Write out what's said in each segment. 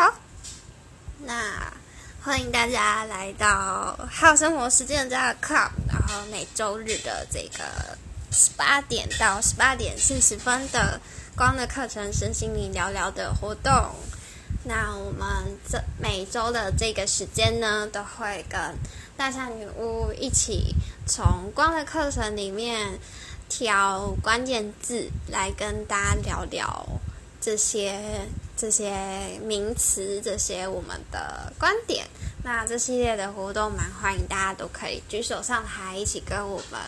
好，那歡迎大家來到好生活時間的 Club。然後每週日的這個十八點到十八點四十分的光的課程，身心靈聊聊的活動。那我們這每週的這個時間呢，都會跟大山女巫一起從光的課程裡面挑關鍵字來跟大家聊聊這些。這些名詞，這些我們的觀點，那這系列的活動蠻歡迎大家都可以舉手上台，一起跟我們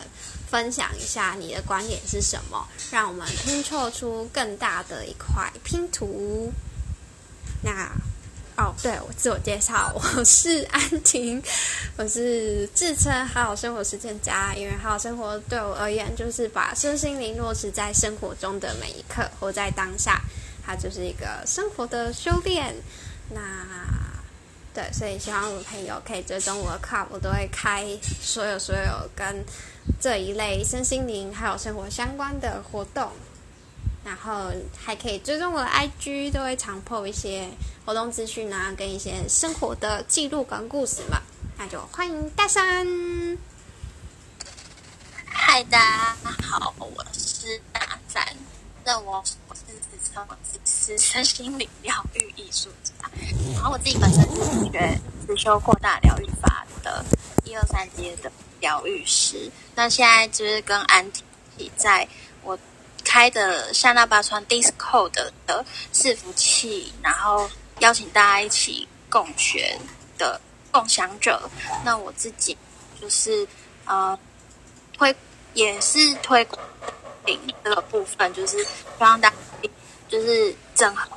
分享一下你的觀點是什麼？讓我們拼湊出更大的一塊拼圖。那，哦，對，我自我介紹，我是安婷，我是自稱“好好生活實踐家”，因為好好生活對我而言，就是把身心靈落實在生活中的每一刻，活在當下。它就是一個生活的修煉，那對，所以希望我的朋友可以追蹤我的 Club 我都會開所有所有跟這一類身心靈還有生活相關的活動，然後還可以追蹤我的 IG，都會常 po 一些活動資訊啊，跟一些生活的記錄跟故事嘛，那就歡迎大山，嗨的，大家好，我是大山。那我我是自稱是身心靈心理療癒藝術家，然後我自己本身是學自修擴大療癒法的，一、二、三階的療癒師。那現在就是跟安婷在我開的夏那巴川 Discord 的的伺服器，然後邀請大家一起共學的共享者。那我自己就是呃推也是推。這個部分就是希望大家可以就是整合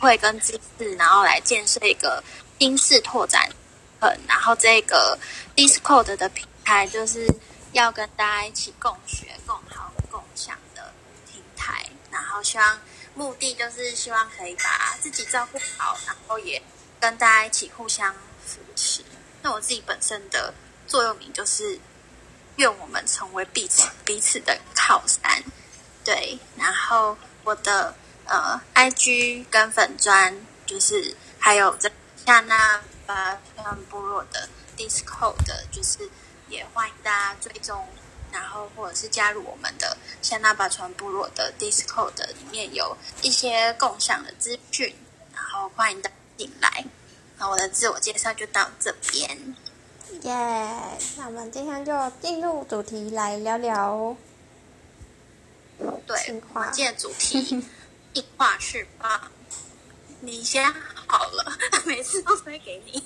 會跟知識，然後來建設一個新式拓展，嗯，然後這個 Discord 的平台就是要跟大家一起共學、共好、共享的平台。然後希望目的就是希望可以把自己照顧好，然後也跟大家一起互相扶持。那我自己本身的座右銘就是。願我們成為彼此彼此的靠山，對。然後我的呃，IG 跟粉專，就是還有這夏那巴傳部落的 Discord 就是也歡迎大家追蹤，然後或者是加入我們的夏那巴傳部落的 Discord 裡面有一些共享的資訊，然後歡迎大家進來。那我的自我介紹就到這邊。耶！Yeah, 那我們今天就進入主題來聊聊、oh, 對，淨化主題，淨化釋放。 你先好了，每次都推給你。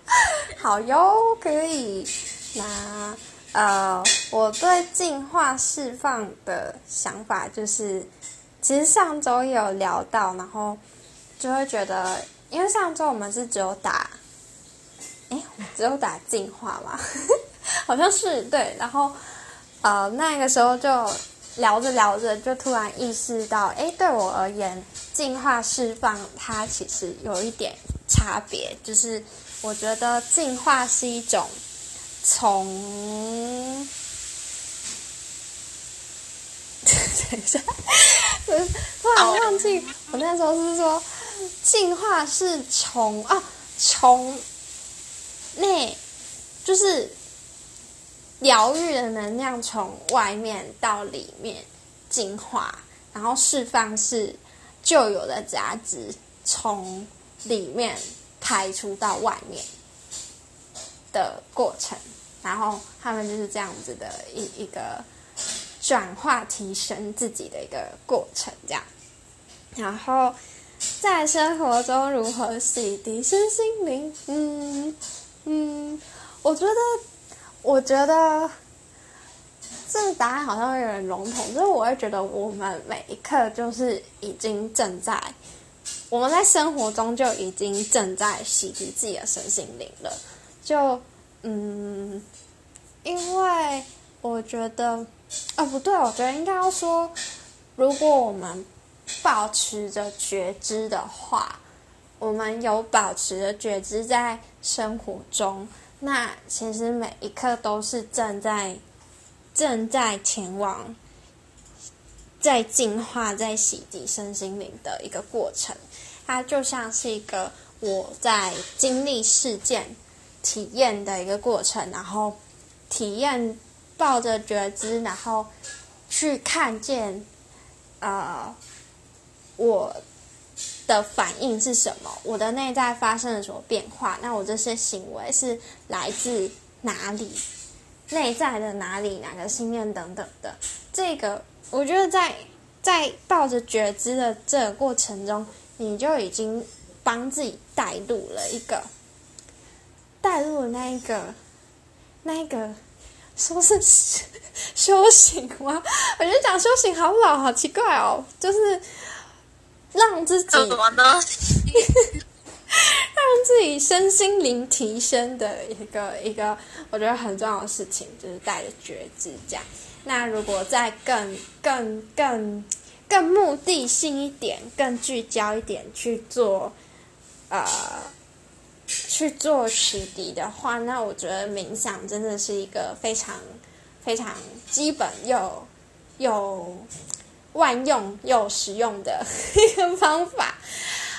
好喲，可以。那呃，我對淨化釋放的想法就是，其實上周也有聊到，然後就會覺得，因為上周我們是只有打。哎，誒我只有打淨化嘛， 好像是對。然後，呃，那個時候就聊着聊着，就突然意識到，哎，對我而言，淨化釋放它其實有一點差別，就是我覺得淨化是一種從……等一下，我突然忘記，我那時候是，是說淨化是從啊、哦、從。那，就是療癒的能量從外面到裡面淨化，然後釋放是舊有的雜質從裡面排出到外面的過程，然後他們就是這樣子的一一個轉化提升自己的一個過程，這樣。然後在生活中如何洗滌身心靈？嗯。嗯，我覺得，我覺得，這個答案好像有點籠統。就是，我會覺得我們每一刻就是已經正在，我們在生活中就已經正在洗滌自己的身心靈了。就嗯，因為我覺得，啊、哦、不對，我覺得應該要說，如果我們保持着覺知的話。我們有保持著覺知在生活中，那其實每一刻都是正在、正在前往、在進化、在洗滌身心靈的一個過程。它就像是一個我在經歷事件、體驗的一個過程，然後體驗抱着覺知，然後去看見，呃，我的反應是什麼？我的內在發生了什麼變化？那我這些行為是來自哪裡？內在的哪裡？哪個信念等等的？這個我覺得在在抱着覺知的這個過程中，你就已經幫自己帶入了一個帶入了那一個那一個說是修行嗎？我覺得講修行好老，好奇怪哦，就是。讓自己做什麼呢？ 讓自己身心靈提升的一個一個，我覺得很重要的事情就是帶着覺知這樣。那如果再更更更更目的性一點，更聚焦一點去做，呃，去做實底的話，那我覺得冥想真的是一個非常非常基本又又。有萬用又實用的一個方法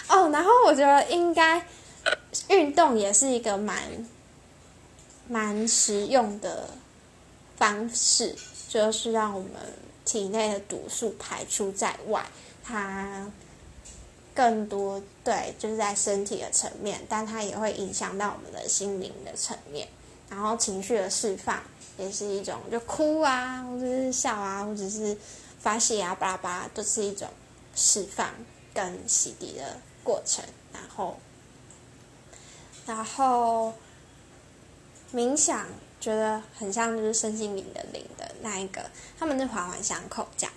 哦，然後我覺得應該運動也是一個蠻蠻實用的方式，就是讓我們體內的毒素排出在外，它更多對就是在身體的層面，但它也會影響到我們的心靈的層面，然後情緒的釋放也是一種，就哭啊，或者是笑啊，或者是。發洩啊，巴拉巴拉都是一種釋放跟洗滌的過程。然後，然後冥想覺得很像就是身心靈的靈的那一個，他們是環環相扣這樣。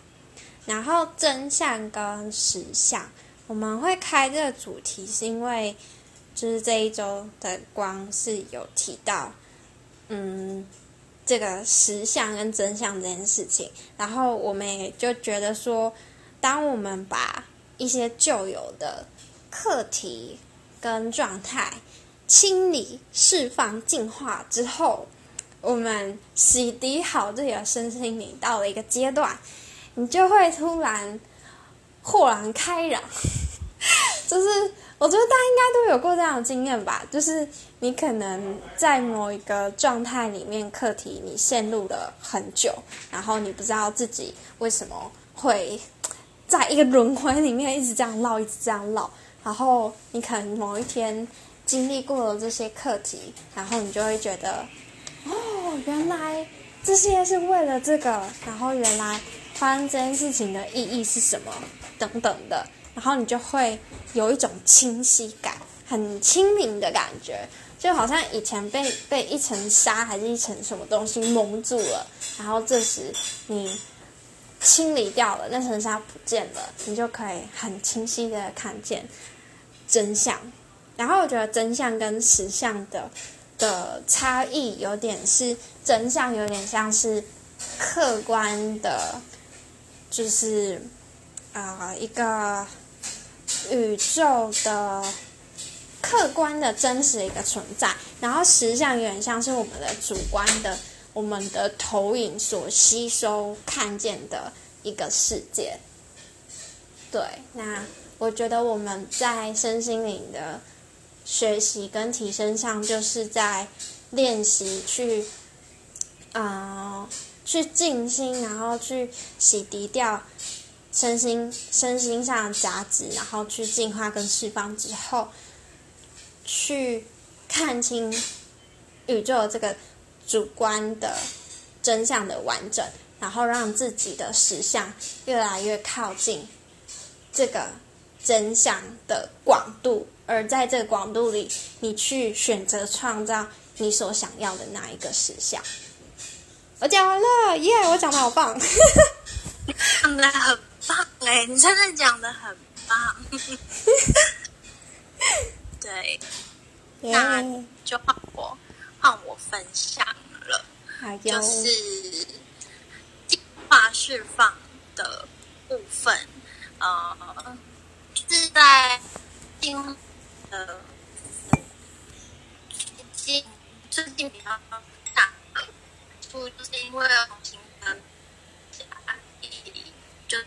然後真相跟實相，我們會開這個主題是因為就是這一週的光是有提到，嗯。這個實相跟真相這件事情，然後我們也就覺得說，當我們把一些舊有的課題跟狀態清理、釋放、淨化之後，我們洗滌好自己的身心靈，到了一個階段，你就會突然豁然開朗， 就是。我覺得大家應該都有過這樣的經驗吧，就是你可能在某一個狀態裡面，課題你陷入了很久，然後你不知道自己為什麼會在一個輪迴裡面一直這樣繞，一直這樣繞，然後你可能某一天經歷過了這些課題，然後你就會覺得，哦，原來這些是為了這個，然後原來發生這件事情的意義是什麼，等等的。然後你就會有一種清晰感，很清明的感覺，就好像以前被被一層紗還是一層什麼東西蒙住了，然後這時你清理掉了那層紗，不見了，你就可以很清晰的看見真相。然後我覺得真相跟實相的的差異有點是真相有點像是客觀的，就是啊、呃、一個。宇宙的客觀的真實的一個存在，然後實相、原相，是我們的主觀的、我們的投影所吸收、看見的一個世界。對，那我覺得我們在身心靈的學習跟提升上，就是在練習去啊、呃、去靜心，然後去洗滌掉。身心身心上的雜質，然後去淨化跟釋放之後，去看清宇宙這個主觀的真相的完整，然後讓自己的實相越來越靠近這個真相的廣度，而在這個廣度裡，你去選擇創造你所想要的那一個實相。我講完了，耶、yeah！我講得好棒。 哎、欸，你真的講得很棒， 對，那就換我，換我分享了，哎、呀就是淨化釋放的部分，呃，就是在淨化的最近最近比較大，就是因為要重新安理就。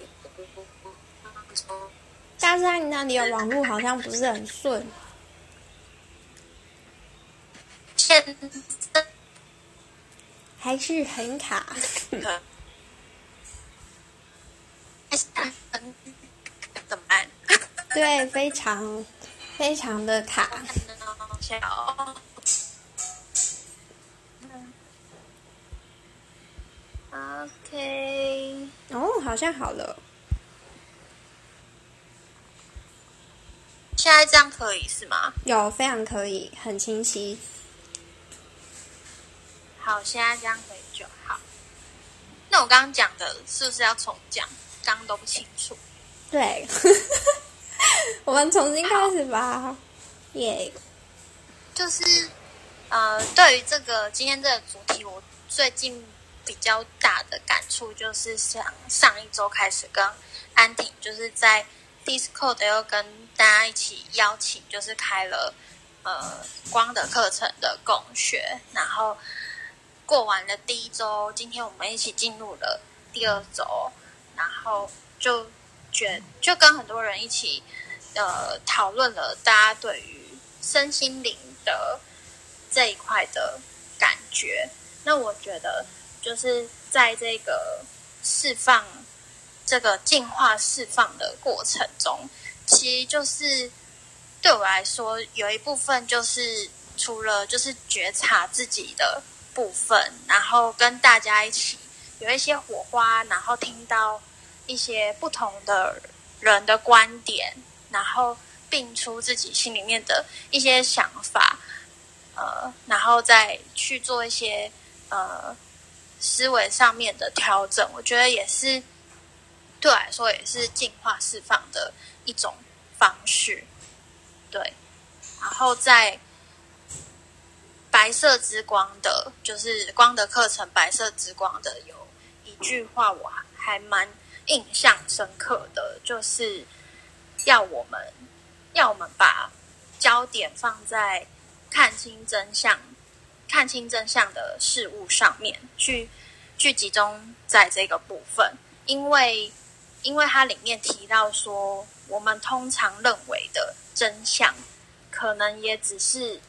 但是你那裡的網絡好像不是很順，還是很卡，對，非常非常的卡。OK。哦，好像好了。現在這樣可以是嗎？有，非常可以，很清晰。好，現在這樣可以就好。那我剛剛講的是不是要重講？剛剛都不清楚。對， 我們重新開始吧。耶好，Yeah 就是呃，對於這個今天這個主題，我最近比較大的感觸就是，像上一周開始跟安婷就是在。Discord 又跟大家一起邀請，就是開了呃光的課程的共學，然後過完了第一周，今天我們一起進入了第二周，然後就覺，就跟很多人一起呃討論了大家對於身心靈的這一塊的感覺。那我覺得就是在這個釋放。這個淨化釋放的過程中，其實就是對我來說，有一部分就是除了就是覺察自己的部分，然後跟大家一起有一些火花，然後聽到一些不同的人的觀點，然後並出自己心裡面的一些想法，呃，然後再去做一些呃思維上面的調整，我覺得也是。對我來說也是淨化釋放的一種方式，對，然後在白色之光的，就是光的課程，白色之光的有一句話我還還蠻印象深刻的，就是要我們要我們把焦點放在看清真相，看清真相的事物上面，去去集中在這個部分，因為因為它裡面提到說，我們通常認為的真相，可能也只是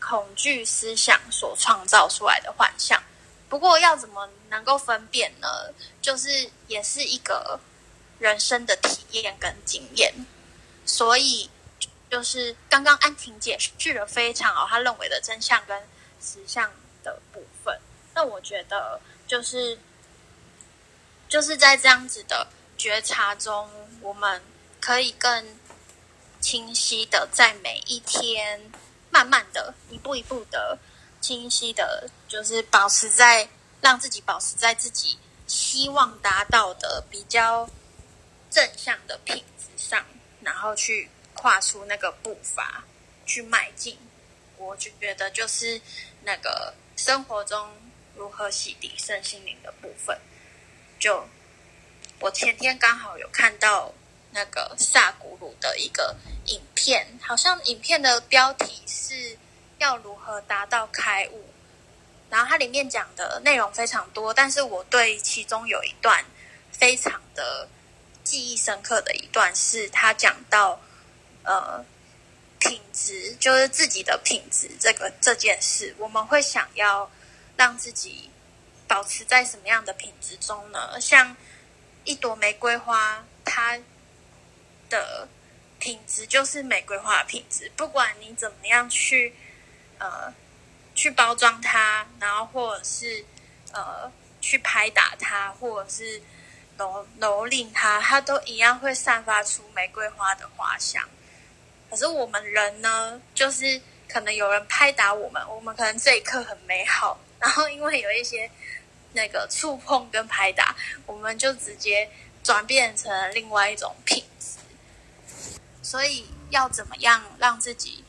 恐懼思想所創造出來的幻象。不過，要怎麼能夠分辨呢？就是也是一個人生的體驗跟經驗。所以，就是剛剛安婷解釋了非常好，她認為的真相跟實相的部分。那我覺得，就是就是在這樣子的。覺察中，我們可以更清晰的在每一天，慢慢的一步一步的清晰的，就是保持在讓自己保持在自己希望達到的比較正向的品質上，然後去跨出那個步伐去邁進。我就覺得，就是那個生活中如何洗滌身心靈的部分，就。我前天剛好有看到那個薩古魯的一個影片，好像影片的標題是要如何達到開悟。然後它裡面講的內容非常多，但是我對其中有一段非常的記憶深刻的一段，是他講到呃品質，就是自己的品質這個這件事，我們會想要讓自己保持在什麼樣的品質中呢？像一朵玫瑰花，它的品質就是玫瑰花的品質，不管你怎麼樣去呃去包裝它，然後或者是呃去拍打它，或者是蹂蹂躪它，它都一樣會散發出玫瑰花的花香。可是我們人呢，就是可能有人拍打我們，我們可能這一刻很美好，然後因為有一些。那個觸碰跟拍打，我們就直接轉變成另外一種品質。所以要怎麼樣讓自己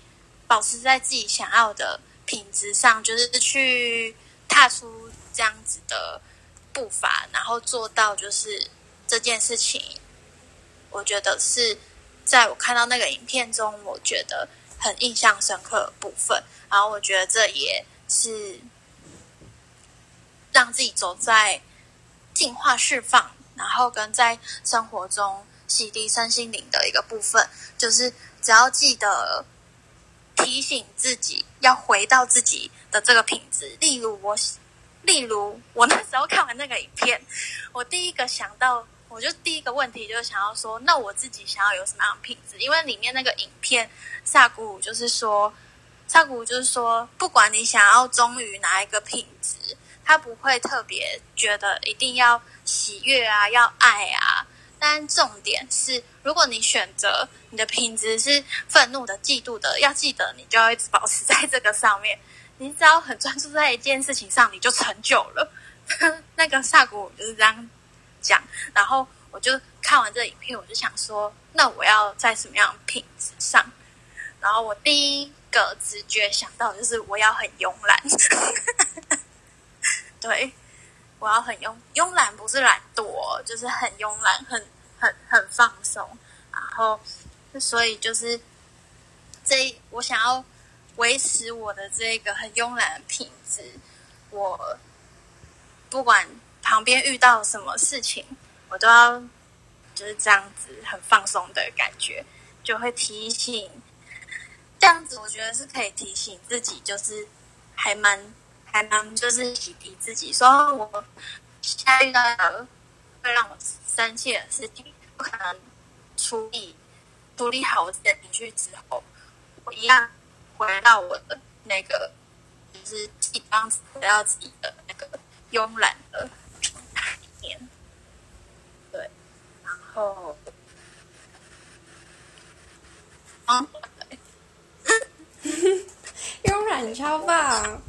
保持在自己想要的品質上，就是去踏出這樣子的步伐，然後做到就是這件事情。我覺得是在我看到那個影片中，我覺得很印象深刻的部分。然後我覺得這也是。讓自己走在淨化釋放，然後跟在生活中洗滌身心靈的一個部分，就是只要記得提醒自己要回到自己的這個品質。例如我，例如我那時候看完那個影片，我第一個想到，我就第一個問題就是想要說，那我自己想要有什麼樣的品質？因為裡面那個影片薩古武就是說，薩古武就是說，不管你想要忠於哪一個品質。他不會特別覺得一定要喜悅啊，要愛啊。但重點是，如果你選擇你的品質是憤怒的、嫉妒的，要記得你就要一直保持在這個上面。你只要很專注在一件事情上，你就成就了。 那個薩古就是這樣講。然後我就看完這個影片，我就想說，那我要在什麼樣的品質上？然後我第一個直覺想到的就是，我要很慵懶。 對，我要很慵慵懶，不是懶惰，就是很慵懶，很很很放鬆。然後，所以就是這，我想要維持我的這個很慵懶的品質。我不管旁邊遇到什麼事情，我都要就是這樣子很放鬆的感覺，就會提醒。這樣子我覺得是可以提醒自己，就是還蠻。還能就是洗滌自己，說我下一個遇到的會讓我生氣的事情，不可能處理，處理好我自己的情緒之後，我一樣回到我的那個，就是即將，回到自己的那個慵懶的床單裡面。對，然後、嗯、 慵懶超棒。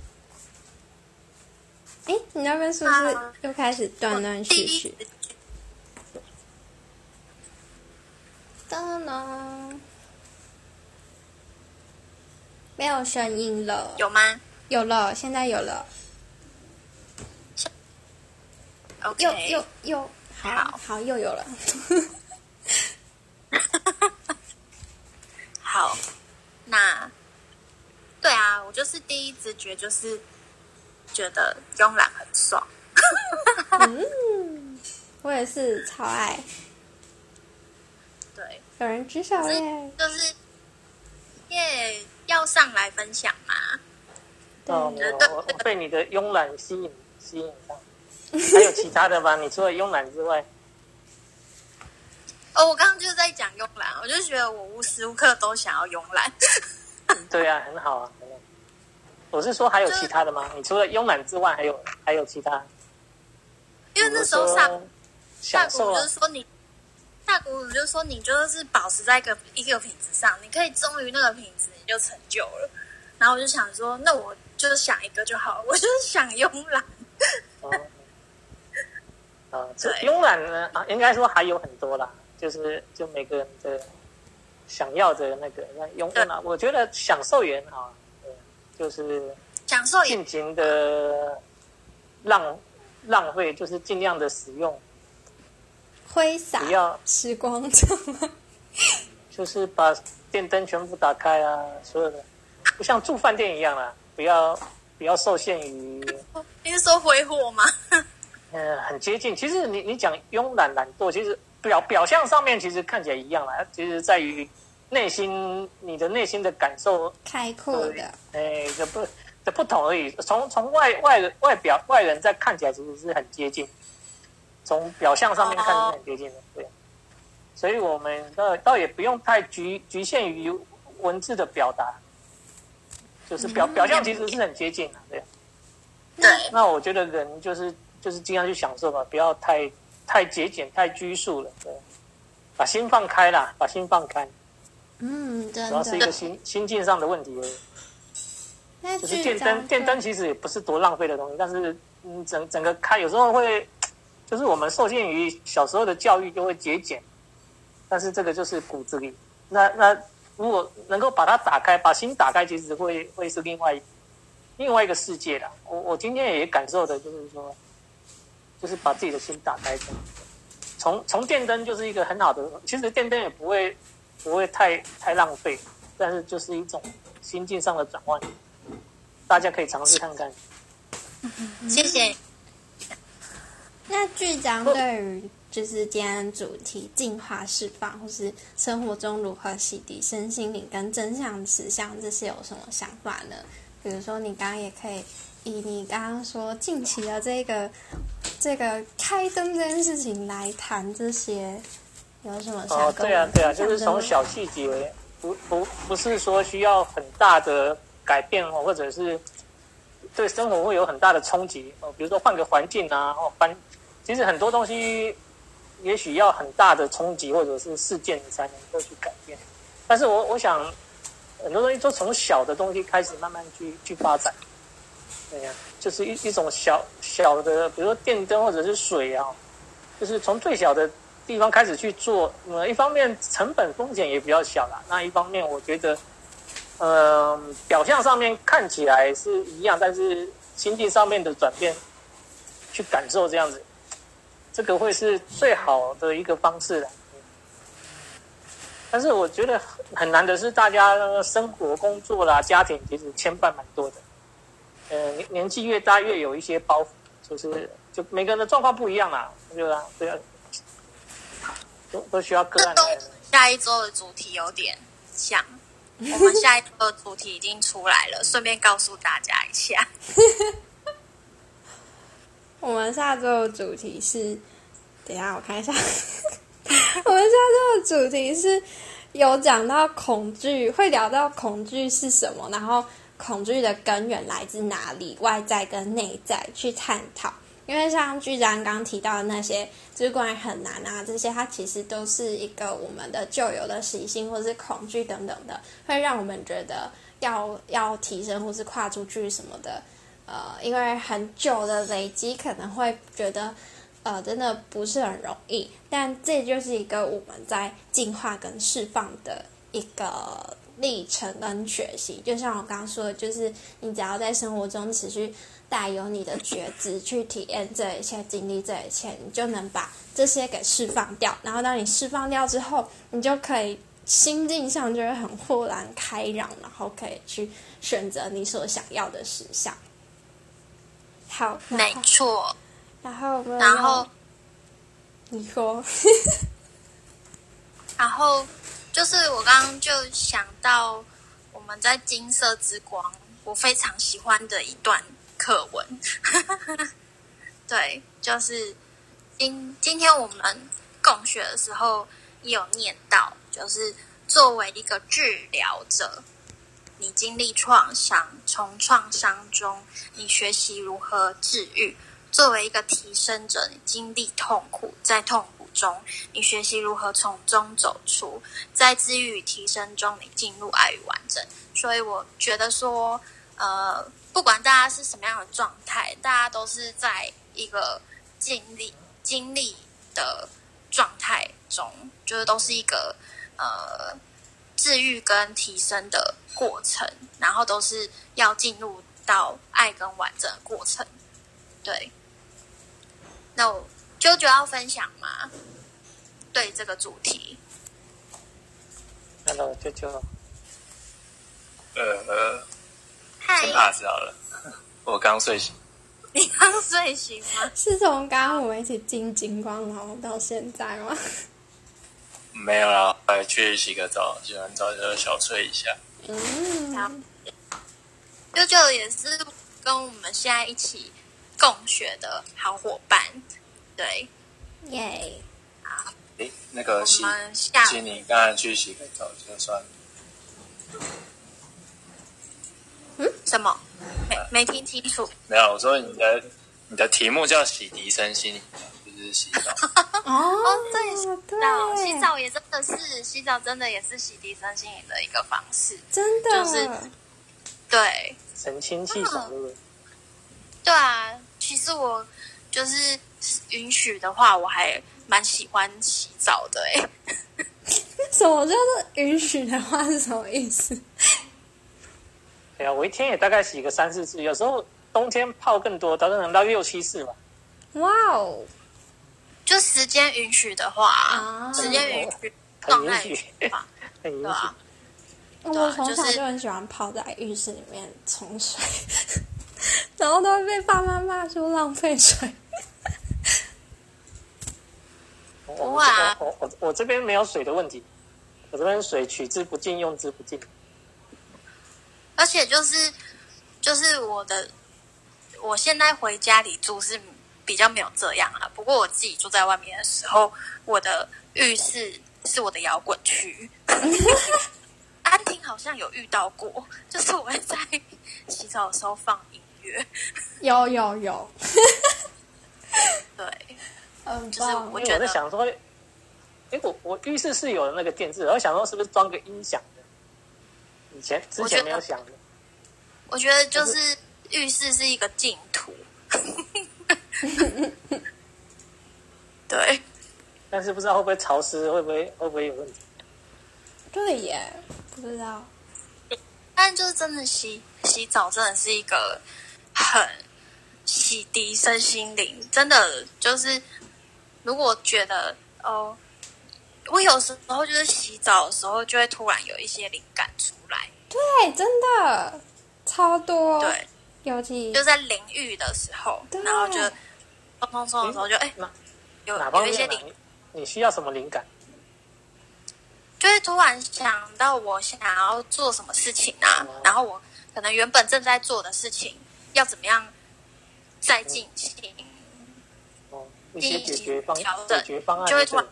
哎，你那邊是不是又開始斷斷續續，續，續？噠啦，沒有聲音了。有嗎？有了，現在有了。又又 Okay, 又，又好好又有了。 好，那對啊，我就是第一直覺就是。覺得慵懶很爽， 嗯、我也是超愛，對，有人知曉、欸、就是因為要上來分享嘛。哦對對、嗯，我被你的慵懶吸引吸引到，還有其他的嗎？ 你除了慵懶之外，哦，我剛剛就是在講慵懶，我就覺得我無時無刻都想要慵懶。 對啊，很好啊。我是說還有其他的嗎？就是、你除了慵懶之外，還有還有其他？因為那時候享享受，薩大就是說你，下谷子就是說你，就是保持在一個一個品質上，你可以忠於那個品質，你就成就了。然後我就想說，那我就想一個就好了，我就是想慵懶。哦，啊、呃，這對慵懶呢，啊，應該說還有很多啦，就是就每個人的想要的那個那慵懶，對我覺得享受也很好啊。就是盡情的浪浪費，就是盡量的使用揮灑，不要吃光，就是把電燈全部打開啊，所有的不像住飯店一樣啊，不要不要受限於。你是說揮霍嗎？嗯，很接近。其實你你講慵懶、懶惰，其實表表象上面其實看起來一樣啊，其實在於。內心，你的內心的感受，開闊的，對哎，這不這不同而已。從從外外外表外人在看起來，其實是很接近。從表象上面看是很接近的，哦、對。所以我們倒倒也不用太局局限於文字的表達，就是表、嗯、表象其實是很接近的，對。嗯、對。那我覺得人就是就是盡量去享受吧，不要太太節儉、太拘束了，對。把心放開啦，把心放開。嗯，對，主要是一個心心境上的問題而已。就是電燈，電燈其實也不是多浪費的東西，但是嗯，整整個開有時候會，就是我們受限於小時候的教育就會節儉，但是這個就是骨子裡。那那如果能夠把它打開，把心打開，其實會會是另外另外一個世界了。我我今天也感受的就是說，就是把自己的心打開，從從電燈就是一個很好的，其實電燈也不會。不會太太浪費，但是就是一種心境上的轉換，大家可以嘗試看看。謝謝。那劇章對於就是今天主題“淨化釋放”或是生活中如何洗滌身心靈跟真相實相，這些有什麼想法呢？比如說，你剛剛也可以以你剛剛說近期的這個這個開燈這件事情來談這些。有什麼差？哦？對啊，對啊，就是從小細節，不不不是說需要很大的改變哦，或者是對生活會有很大的衝擊哦。比如說換個環境啊，哦搬，其實很多東西也許要很大的衝擊或者是事件你才能夠去改變。但是我我想，很多東西都從小的東西開始慢慢去去發展，對呀、啊，就是一一種小小的，比如說電燈或者是水啊，就是從最小的。地方開始去做，呃，一方面成本風險也比較小啦。那一方面我覺得，嗯、呃，表象上面看起來是一樣，但是心境上面的轉變，去感受這樣子，這個會是最好的一個方式了、嗯。但是我覺得很難的是，大家生活、工作啦、家庭其實牽絆蠻多的，呃，年紀越大越有一些包袱，就是就每個人的狀況不一樣啦，對吧、啊？對、啊都,都需要更。那下一周的主題有點像， 我們下一周的主題已經出來了，順便告訴大家一下。 我們下周的主題是，等一下我看一下。 我們下周的主題是有講到恐懼，會聊到恐懼是什麼，然後恐懼的根源來自哪裡，外在跟內在去探討。因為像巨贊剛，剛提到的那些，就是關於很難啊，這些它其實都是一個我們的舊有的習性或是恐懼等等的，會讓我們覺得要要提升或是跨出去什麼的。呃，因為很久的累積，可能會覺得呃真的不是很容易。但這就是一個我們在進化跟釋放的一個歷程跟學習。就像我剛剛說的，就是你只要在生活中持續。帶有你的覺知去體驗這一切，經歷這一切，你就能把這些給釋放掉。然後，當你釋放掉之後，你就可以心境上就會很豁然開朗，然後可以去選擇你所想要的事項。好，沒錯。然後，然後，然後，你說， 然後就是我剛剛就想到我們在金色之光，我非常喜歡的一段。課可文， 對，就是今今天我們共學的時候也有念到，就是作為一個治療者，你經歷創傷，從創傷中你學習如何治癒；作為一個提升者，你經歷痛苦，在痛苦中你學習如何從中走出，在治癒與提升中，你進入愛與完整。所以我覺得說，呃。不管大家是什麼樣的狀態，大家都是在一個經歷經歷的狀態中，就是都是一個呃治癒跟提升的過程，然後都是要進入到愛跟完整的過程。對，那我舅舅要分享嗎？對這個主題。Hello 舅舅呃呃。太早了，我剛睡醒。你剛睡醒嗎？是從剛剛我們一起進金光，然後到現在嗎？沒有啦、啊，來去洗個澡，洗完澡就小睡一下。嗯，好。舅舅也是跟我們現在一起共學的好夥伴，對，耶。好。誒，那個洗下，洗你剛剛去洗個澡就算。嗯？什麼？沒沒聽清楚。沒有，我說你的你的題目叫“洗滌身心”，就是洗澡。 哦，對對，洗澡也真的是，洗澡真的也是洗滌身心的一個方式。真的。就是對，神清氣爽。嗯、對啊，其實我就是允許的話，我還蠻喜歡洗澡的誒。哎，什麼叫做允許的話？是什麼意思？哎呀、啊，我一天也大概洗個三四次，有時候冬天泡更多，到時候能到六七次吧。哇哦 Wow！就時間允許的話，啊、時間允許，很允許，允許。我從小就很喜歡泡在浴室裡面沖水，啊就是、 然後都會被爸媽罵說浪費水。哇、 啊！我這邊沒有水的問題，我這邊水取之不盡，用之不盡。而且就是，就是我的，我現在回家裡住是比較沒有這樣啊，不過我自己住在外面的時候，我的浴室是我的搖滾區。 安婷好像有遇到過，就是我在洗澡的時候放音樂。有有有。有有 對，嗯棒，就是我覺得我想說，誒，我我浴室是有那個電視，然後想說是不是裝個音響。以前之前沒有想過我，我覺得就是浴室是一個淨土， 對。但是不知道會不會潮濕，會不會會不會有問題？對耶，不知道。但就是真的洗洗澡，真的是一個很洗滌身心靈，真的就是如果覺得哦。我有時候就是洗澡的時候，就會突然有一些靈感出來。對，真的超多。對，尤其就在淋浴的時候，然後就砰砰砰的時候，就哎，有有一些靈。你需要什麼靈感？就會突然想到我想要做什麼事情啊，然後我可能原本正在做的事情要怎麼樣再進行？哦，一些解決方案，解決方案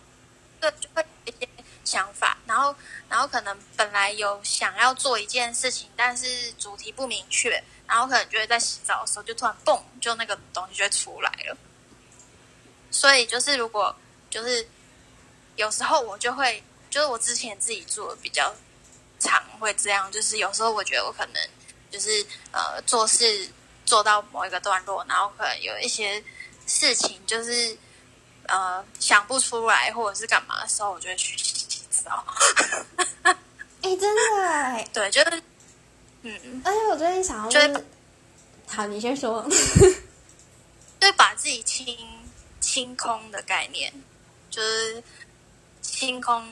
對，就會有一些想法，然後，然後可能本來有想要做一件事情，但是主題不明確，然後可能就會在洗澡的時候就突然蹦，就那個東西就出來了。所以就是如果就是有時候我就會，就是我之前自己做的比較常會這樣，就是有時候我覺得我可能就是呃做事做到某一個段落，然後可能有一些事情就是。呃，想不出來或者是幹嘛的時候，我就會去洗澡。哎、 欸，真的、啊，對，就是，嗯。而且我最近想要就是，就好，你先說。 就會把自己清清空的概念，就是清空，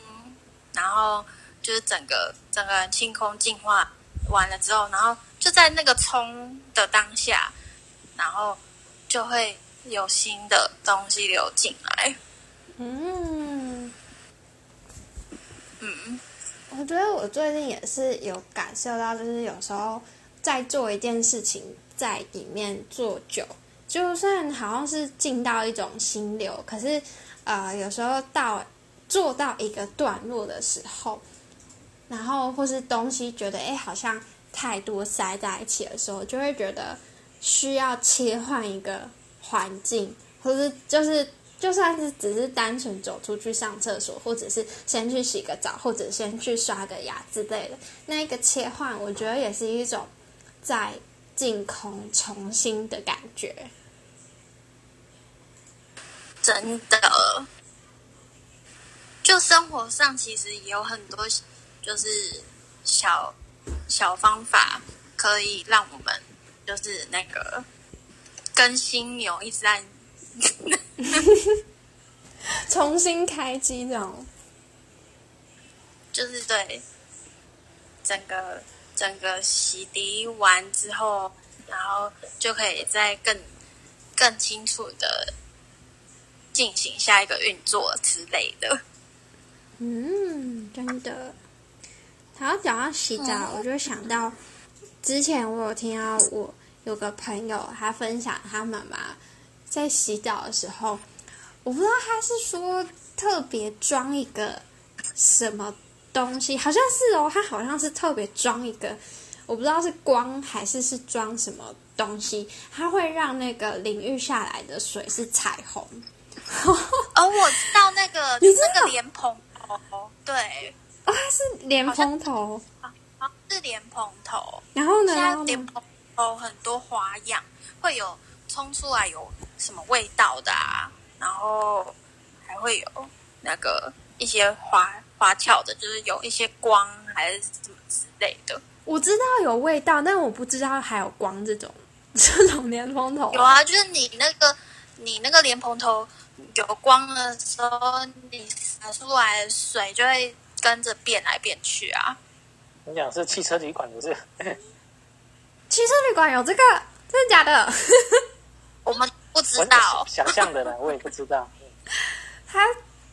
然後就是整個整個人清空、淨化完了之後，然後就在那個沖的當下，然後就會。有新的東西流進來。嗯嗯，我覺得我最近也是有感受到，就是有時候在做一件事情，在裡面做久，就算好像是進到一種心流，可是啊、呃、有時候到做到一個段落的時候，然後或是東西覺得哎、欸，好像太多塞在一起的時候，就會覺得需要切換一個。環境，或是就是就算是只是單純走出去上廁所，或者是先去洗個澡，或者先去刷個牙之類的，那一個切換，我覺得也是一種在淨空重新的感覺。真的，就生活上其實有很多就是小小方法，可以讓我們就是那個。更新有一直在，重新開機這樣，就是對，整個整個洗滌完之後，然後就可以再更更清楚的進行下一個運作之類的。嗯，真的。好，講到洗澡，嗯、我就想到之前我有聽到我。有個朋友，他分享他媽媽在洗澡的時候，我不知道他是說特別裝一個什麼東西，好像是哦，他好像是特別裝一個，我不知道是光還是是裝什麼東西，他會讓那個淋浴下來的水是彩虹。而、 哦、我知道那個，你知道蓮蓬頭？對它、哦、是蓮蓬頭，好哦、是蓮蓬頭。然後呢？哦，很多花樣，會有沖出來有什麼味道的啊，然後還會有那個一些花花俏的，就是有一些光還是什麼之類的。我知道有味道，但我不知道還有光這種這種蓮蓬頭啊。有啊，就是你那個你那個蓮蓬頭有光的時候，你灑出來的水就會跟着變來變去啊。你講是汽車旅館不是？ 其實旅館有這個，真的假的？ 我們不知道，想象的呢，我也不知道。他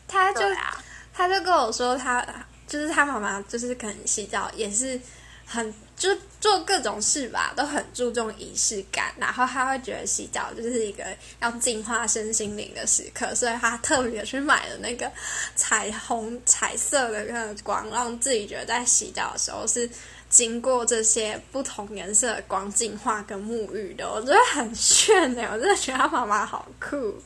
他就，啊、他就跟我說他，他就是他媽媽，就是可能洗澡也是很，就是做各種事吧，都很注重儀式感。然後他會覺得洗澡就是一個要淨化身心靈的時刻，所以他特別去買了那個彩虹彩色的那個光，讓自己覺得在洗澡的時候是。經過這些不同顏色的光淨化跟沐浴的，我覺得很炫哎、欸！我真的覺得他媽媽好酷。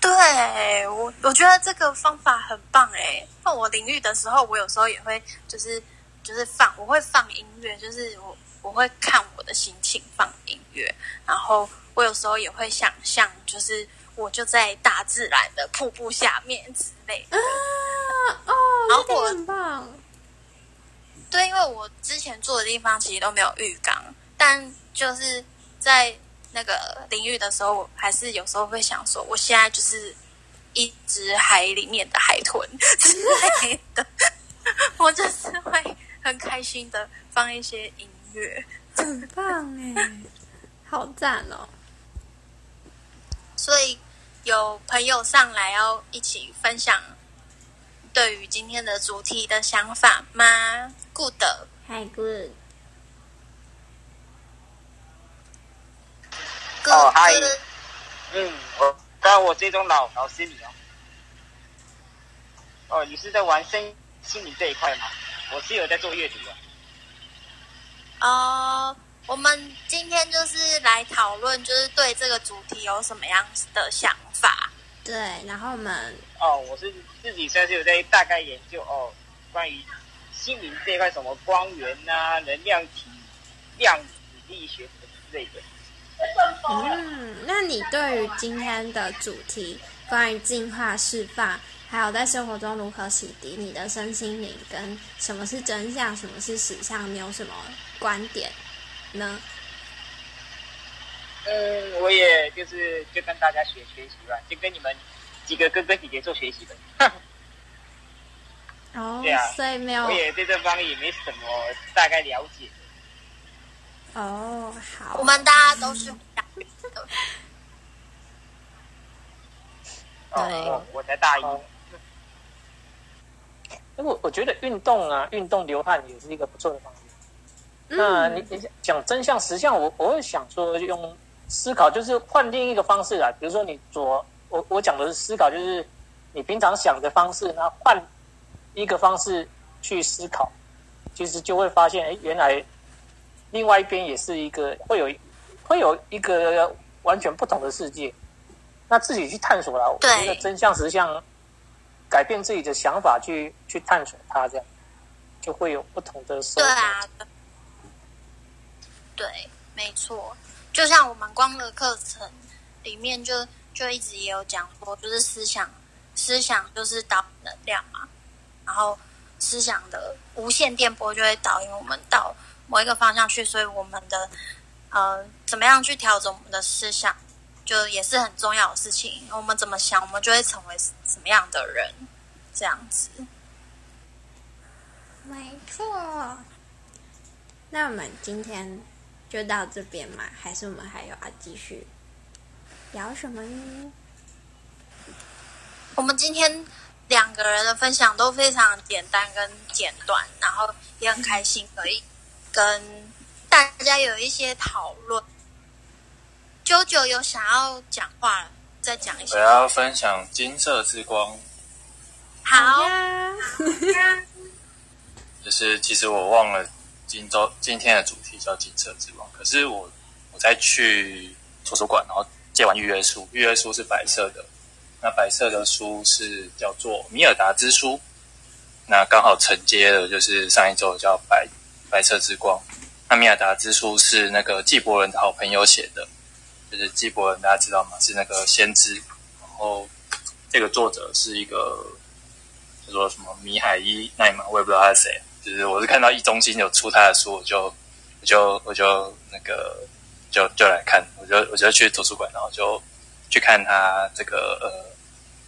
對我，我覺得這個方法很棒哎、欸。放我淋浴的時候，我有時候也會就是就是放，我會放音樂，就是我我會看我的心情放音樂，然後我有時候也會想象就是我就在大自然的瀑布下面之類的。啊哦，好棒。對，因為我之前住的地方其實都沒有浴缸，但就是在那個淋浴的時候，我還是有時候會想說，我現在就是一只海裡面的海豚，之類的， 我就是會很開心的放一些音樂，很棒哎，好讚哦！所以有朋友上來要一起分享。對於今天的主題的想法嗎？Good，Hi，Good。Good，Hi good.。Good. Oh, 嗯，但我，我這種老老心理哦。哦，你是在玩身心靈這一塊嗎？我是有在做閱讀的、啊。哦，uh, 我們今天就是來討論，就是對這個主題有什麼樣的想法。對，然後我們哦，我是自己算是有在大概研究哦，關於心靈這一塊，什麼光源吶、啊、能量體、量子力學之類的這。嗯，那你對於今天的主題，關於淨化釋放，還有在生活中如何洗滌你的身心靈，跟什麼是真相、什麼是實相，你有什麼觀點呢？嗯，我也就是就跟大家學學習吧，就跟你們幾個哥哥姐姐做學習的，oh, 對啊，所以沒有，我也對這方面也沒什麼大概了解。哦，oh, 好，我們大家都是對，我我才大一。哎，oh，我我覺得運動啊，運動流汗也是一個不錯的方面。嗯，那你你講真相實相，我我會想說用。思考，就是換另一個方式啦，比如說你左我我講的是思考，就是你平常想的方式，那換一個方式去思考，其實就會發現，哎、欸，原來另外一邊也是一個會有會有一個完全不同的世界。那自己去探索啦，對，我覺得真相實相改變自己的想法去去探索它，這樣就會有不同的收穫啊。對，沒錯。就像我們光的課程裡面就、就就一直也有講說，就是思想，思想就是導能量嘛。然後思想的無線電波就會導引我們到某一個方向去，所以我們的呃，怎麼樣去調整我們的思想，就也是很重要的事情。我們怎麼想，我們就會成為什麼樣的人，這樣子。沒錯。那我們今天。就到這邊嘛？還是我們還有啊繼續聊什麼呢？我們今天兩個人的分享都非常簡單跟簡短，然後也很開心可以跟大家有一些討論。啾啾有想要講話，再講一下。我要分享金色之光。好、oh、yeah. 就是其實我忘了。今周今天的主題叫《金色之光》，可是我我在去圖書館，然後借完預約書，預約書是白色的，那白色的書是叫做《米爾達之書》，那剛好承接的就是上一周叫《白白色之光》。那《米爾達之書》是那個紀伯倫的好朋友寫的，就是紀伯倫大家知道嗎？是那個先知。然後這個作者是一個叫做什麼米海伊奈馬，我也不知道他是誰。就是我是看到一中心有出他的書，我就、我就我就那個，就就來看，我就我就去圖書館，然後就去看他這個呃，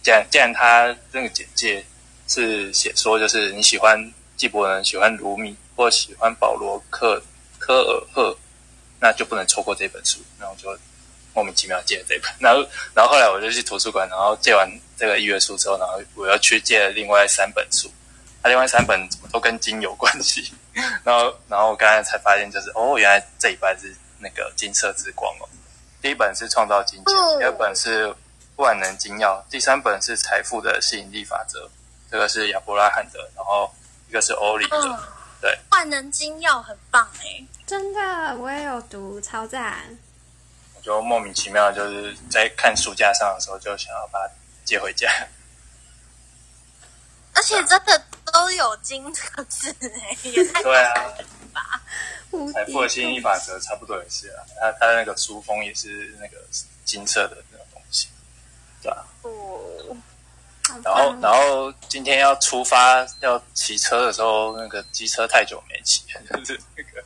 既然既然他那個簡介是寫說，就是你喜歡紀伯倫，喜歡盧米或喜歡保羅克科爾赫，那就不能錯過這本書。然後就莫名其妙借了這本，然後然後後來我就去圖書館，然後借完這個一月書之後，然後我又去借了另外三本書。他另外三本都跟金有關係，然後然後我剛才才發現，就是哦，原來這一本是那個金色之光哦，第一本是創造金錢，第二本是萬能金鑰，第三本是財富的吸引力法則，這個是亞伯拉罕的，然後一個是歐裡德，哦、對，萬能金鑰很棒誒，真的，我也有讀，超讚。我就莫名其妙就是在看書架上的時候，就想要把它借回家，而且真的。都有金色字耶， 對啊，財富吸引力法則差不多也是啊。他他的那個書封也是那個是金色的那種東西，對啊、哦、然後然後今天要出發要騎車的時候，那個機車太久沒騎，就是那個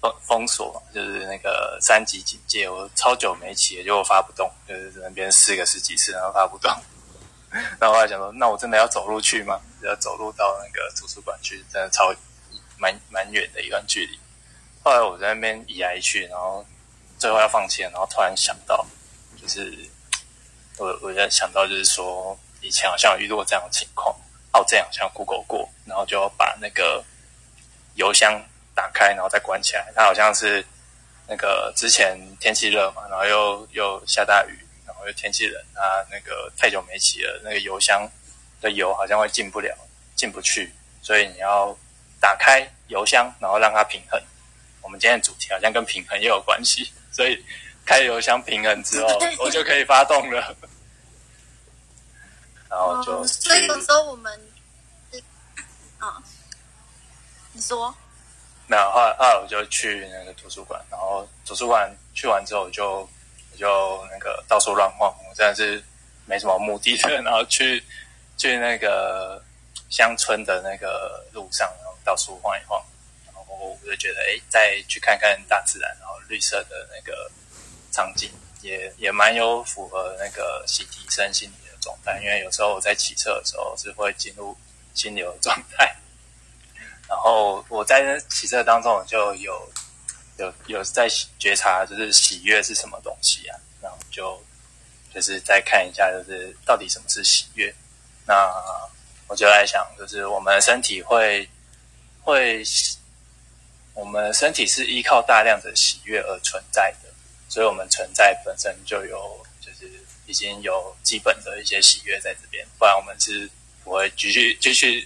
封封鎖，就是那個三級警戒。我超久沒騎，就我發不動，就是只能邊試個十幾次，然後發不動。 然後我還想說，那我真的要走路去嗎？要走路到那個圖書館去，真的超蠻蠻遠的一段距離。後來我在那邊移來移去，然後最後要放棄了，然後突然想到，就是我我在想到，就是說以前好像有遇到過這樣的情況。哦，這樣，像 Google 過，然後就把那個油箱打開，然後再關起來。它好像是那個之前天氣熱嘛，然後又又下大雨，然後又天氣冷，它那,那個太久沒騎了，那個油箱。的油好像會進不了，進不去，所以你要打開油箱，然後讓它平衡。我們今天的主題好像跟平衡也有關係，所以開油箱平衡之後，我就可以發動了。 然後就、哦，所以有時候我們，啊、哦、你說，沒有，後來我就去那個圖書館，然後圖書館去完之後我就，我就那個到處亂晃，我真的是沒什麼目的的，然後去。去那個鄉村的那個路上，然後到處晃一晃，然後我就覺得，哎、欸，再去看看大自然，然後綠色的那個場景也，也也蠻有符合那個洗滌身心靈的狀態。因為有時候我在騎車的時候是會進入心流的狀態，然後我在那騎車當中就有有有在覺察，就是喜悅是什麼東西啊？然後就就是再看一下，就是到底什麼是喜悅。那我就在想，就是我們身體會會，我們身體是依靠大量的喜悅而存在的，所以我們存在本身就有，就是已經有基本的一些喜悅在這邊，不然我們是不會繼續繼續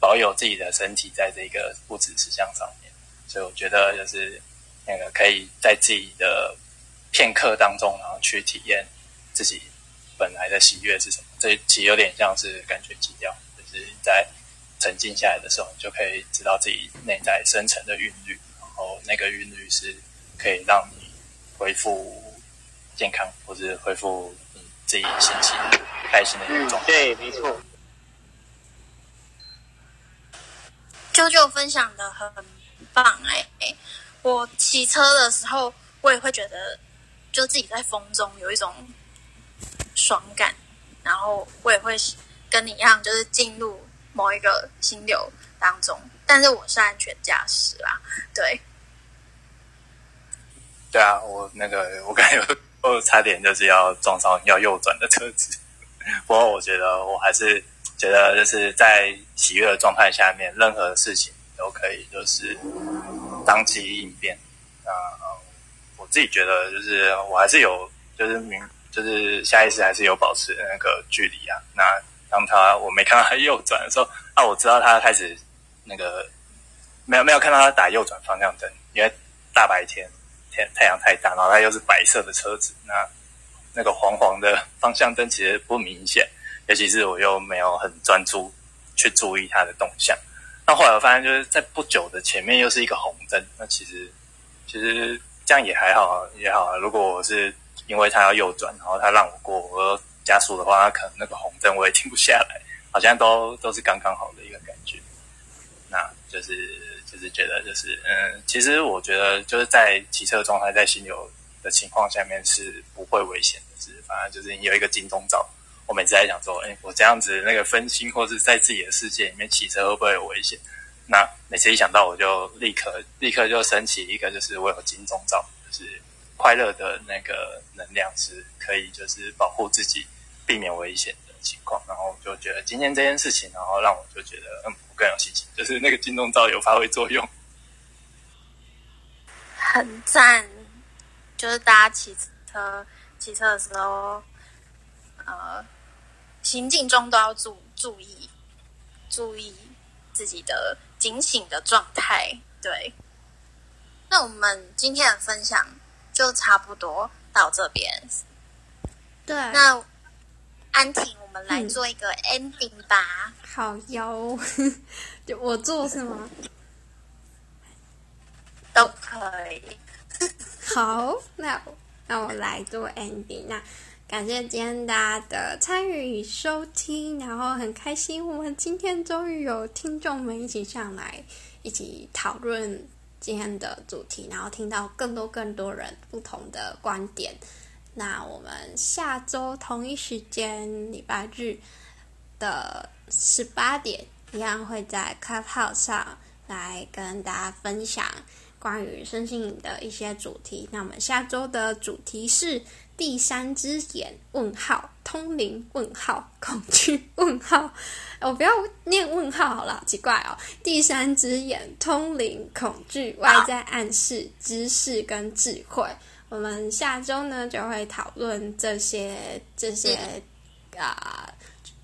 保有自己的身體在這個物質實相上面。所以我覺得，就是那個可以在自己的片刻當中，然後去體驗自己本來的喜悅是什麼。所以其實有點像是感覺基調，就是在沉靜下來的時候，你就可以知道自己內在深層的韻律，然後那個韻律是可以讓你恢復健康，或者恢復你自己心情開心的一種、嗯。對，沒錯。舅舅分享的很棒哎！我騎車的時候，我也會覺得，就自己在風中有一種爽感。然後我也會跟你一樣，就是進入某一個心流當中，但是我是安全駕駛啦，對。對啊，我那個我感覺我差點就是要撞上要右轉的車子，不過我覺得我還是覺得就是在喜悅的狀態下面，任何事情都可以就是當機應變啊、呃。我自己覺得就是我還是有就是明。就是下意識還是有保持那個距離啊。那當他我沒看到他右轉的時候啊，我知道他開始那個沒有沒有看到他打右轉方向燈，因為大白天天太陽太大，然後他又是白色的車子，那那個黃黃的方向燈其實不明顯，尤其是我又沒有很專注去注意他的動向。那後來我發現就是在不久的前面又是一個紅燈，那其實其實這樣也還好啊，也好啊。如果我是因為他要右轉，然後他讓我過。我要加速的話，他可能那個紅燈我也停不下來，好像都都是剛剛好的一個感覺。那就是就是覺得就是嗯，其實我覺得就是在騎車狀態，在心流的情況下面是不會危險的。就是，反正就是你有一個金鐘罩。我每次在想說，哎，我這樣子那個分心，或是在自己的世界裡面騎車會不會有危險？那每次一想到，我就立刻立刻就升起一個，就是我有金鐘罩，就是。快樂的那個能量是可以，就是保護自己，避免危險的情況。然後就覺得今天這件事情，然後讓我就覺得嗯，我更有信心，就是那個金鐘罩有發揮作用，很讚。就是大家騎車騎車的時候，呃，行進中都要注注意，注意自己的警醒的狀態。對，那我們今天的分享。就差不多到這邊。對，那安婷，我們來做一個 ending 吧。嗯、好喲， 就我做是嗎？都可以。 好，那那我來做 ending。那感謝今天大家的參與與收聽，然後很開心，我們今天終於有聽眾們一起上來一起討論。今天的主題，然後聽到更多更多人不同的觀點。那我們下周同一時間，禮拜日的十八點，一樣會在 Club 號上來跟大家分享關於身心靈的一些主題。那我們下周的主題是。第三隻眼？問號，通靈？問號，恐懼？問號，我不要念問號好了，好奇怪哦。第三隻眼，通靈，恐懼，外在暗示，知識跟智慧。我們下周呢就會討論這些這些啊、呃、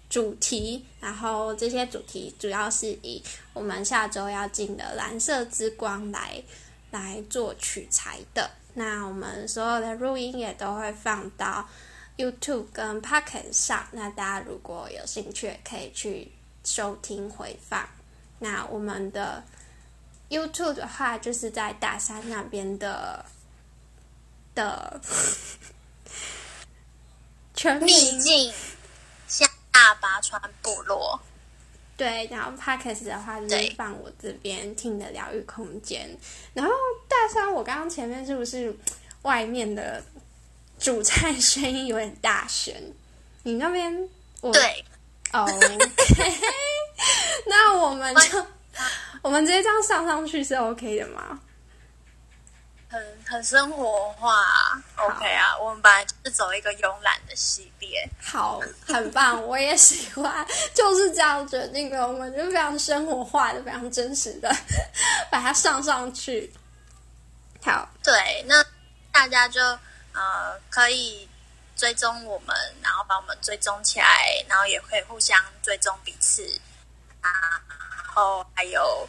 主題，然後這些主題主要是以我們下周要進的藍色之光來來做取材的。那我們所有的錄音也都會放到 YouTube 跟 Podcast 上，那大家如果有興趣可以去收聽回放。那我們的 YouTube 的話，就是在大山那邊的的 全面 祕境下，大拔川部落。對，然後 podcast 的話就是放我這邊對聽的療癒空間。然後大山，我剛剛前面是不是外面的煮菜聲音有點大聲？你那邊？我對，哦， 那我們就 我們直接這樣上上去是 OK 的嗎？很很生活化好，OK 啊，我們本來就是走一個慵懶的系列，好，很棒，我也喜歡， 就是這樣子那個，我們就非常生活化的、非常真實的把它上上去，好，對，那大家就呃可以追蹤我們，然後把我們追蹤起來，然後也可以互相追蹤彼此，啊，然後還有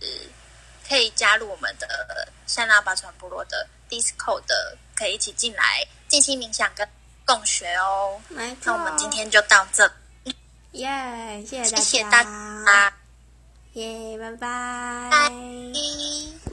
就是可以加入我們的。像拉巴傳部落的 Discord 的，可以一起進來進行冥想跟共學哦。沒錯。那我們今天就到這裡，耶！Yeah, 謝謝大家，耶！拜拜、拜拜。